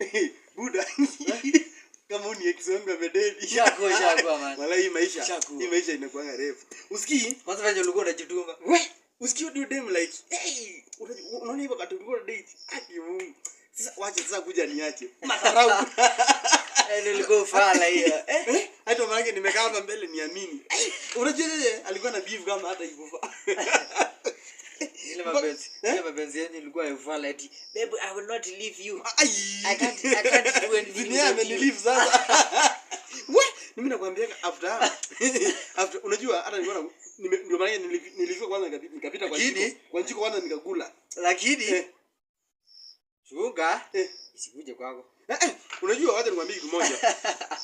buda kama uni ex wangu amededi shako shako man wala hii maisha shako. hii maisha inakuanga refu usikii kwanza venye ulikuwa unajituma we usikii du dem like hey unaona hivyo wakati ulikuwa na date aki mungu mm. sasa wache sasa kuja niache madharau eh, nilikuwa ufala hiyo eh, eh? hata maana nimekaa hapa mbele niamini unajua yeye alikuwa na beef kama hata hivyo Eh? ile mapenzi ile mapenzi yenu ilikuwa ivala eti babe i will not leave you i can't i can't do anything dunia amenileave sasa mimi nakwambia after after unajua hata nilikuwa ndio maana nilivyo kwanza nikapita kwa jiko kwa jiko kwanza nikakula lakini eh. chunga eh. isikuje kwako eh, eh. Unajua wacha nikwambie kitu moja.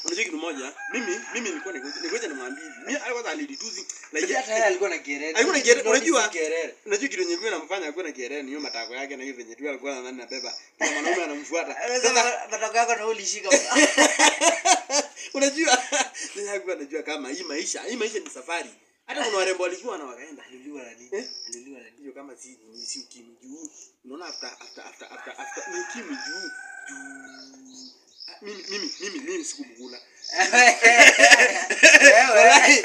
Unajua kitu moja? Mimi mimi nilikuwa nikuja nimwambie Mimi alikuwa ananiduzi na yeye hata yeye alikuwa na gerere. Alikuwa na gerere. Unajua? Unajua kitu nyingine anamfanya alikuwa na gerere ni matako yake na hiyo venye tu alikuwa anani na beba. na mwanaume anamfuata. Sasa matako yako na shika Unajua? Ndio alikuwa anajua kama hii maisha, hii maisha ni safari. Hata kuna warembo walikuwa na wakaenda. Aliuliwa na nini? Eh? Aliuliwa na nini? Kama si ni si ukimjuu. Unaona after after after after after ni ukimjuu juu mimi mimi mimi mimi sikumkula. Wewe wewe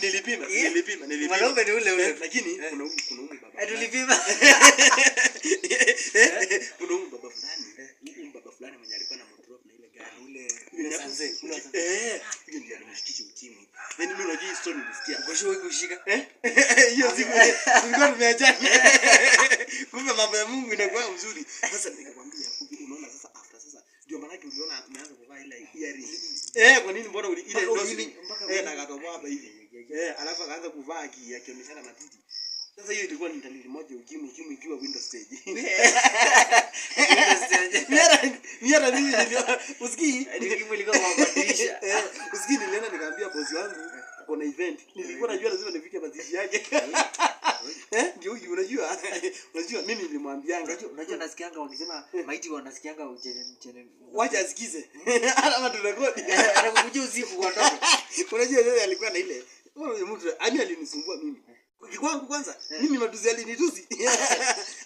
nilipima nilipima nilipima. Mwanaume ni ule ule eh, lakini kuna umu kuna umu baba. Eh, tulipima. Eh, kuna umu baba fulani. Umu baba fulani mwenye alikuwa na mdrop na ile gari ah, ule. Yule mzee. Eh. Yule ndiye anamshikisha ukimwi. Yaani mimi unajua story nilisikia. Ngoshi wewe kushika. Eh? Hiyo siku tulikuwa ah. tumeachana. Kumbe mambo ya Mungu inakuwa mzuri. Sasa nikakwambia Eh, kwa nini mbona uli ile ndio hivi mpaka eh akatoboa hapa hivi. Eh, alafu akaanza kuvaa ki akionyeshana matiti. Sasa hiyo ilikuwa ni dalili moja ukimwi, ukimwi ikiwa window stage. Window stage. Mira, mira nini ndio usikii? Yaani ukimwi ilikuwa mabadilisha. Eh, usikii nilienda nikaambia bosi wangu kuna event. Nilikuwa najua lazima nifike mazishi yake. Eh eh, ndio huyu unajua unajua mimi nilimwambianga unajua nasikianga wakisema maiti wanasikianga uchene mchene wacha asikize alama tunarekodi eh, anakuja usiku kwa ndoto unajua yeye alikuwa na ile huyo mtu ani alinisumbua mimi kwangu kwanza eh. mimi matuzi alinituzi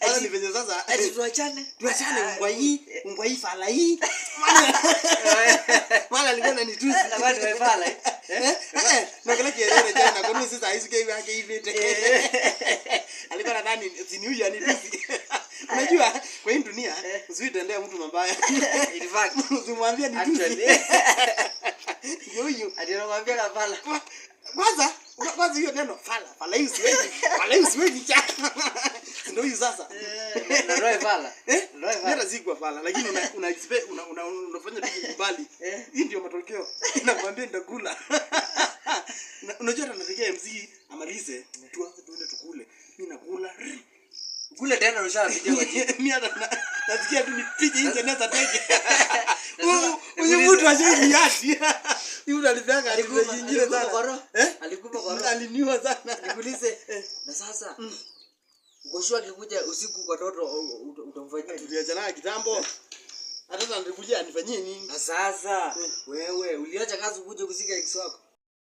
hata ni venye sasa ati eh, tuachane tuachane ah, mbwa hii mbwa hii fala hii maana alikuwa ananituzi na bado amefala eh na kile kielele jana kwa nini sasa hizi kei yake hivi yani ziniuya ni bizi unajua kwa hii dunia usiitendea eh. mtu mabaya usimwambia ni tusi yoyu atinakwambia kafala kwanza kwanza hiyo neno fala fala hiyo siwezi fala hiyo siwezi cha ndio hiyo sasa eh, na roe fala eh roe fala zigwa fala lakini una una una unafanya vitu kubali eh. hii ndio matokeo nakwambia ndakula unajua tunafikia MC amalize tu kule tena ushapiga wajibu mimi hata nasikia tu nipige nje na tege huyu mtu ajui yati huyu mtu alivyanga alikuwa nyingine sana koro eh alikuwa koro aliniwa sana nikulize eh. na sasa ngoshwa mm. kikuja usiku kwa toto utamfanyia tuliacha naye kitambo eh. hata ndio kuja anifanyie nini na sasa eh. wewe uliacha kazi ukuje kusika ex wako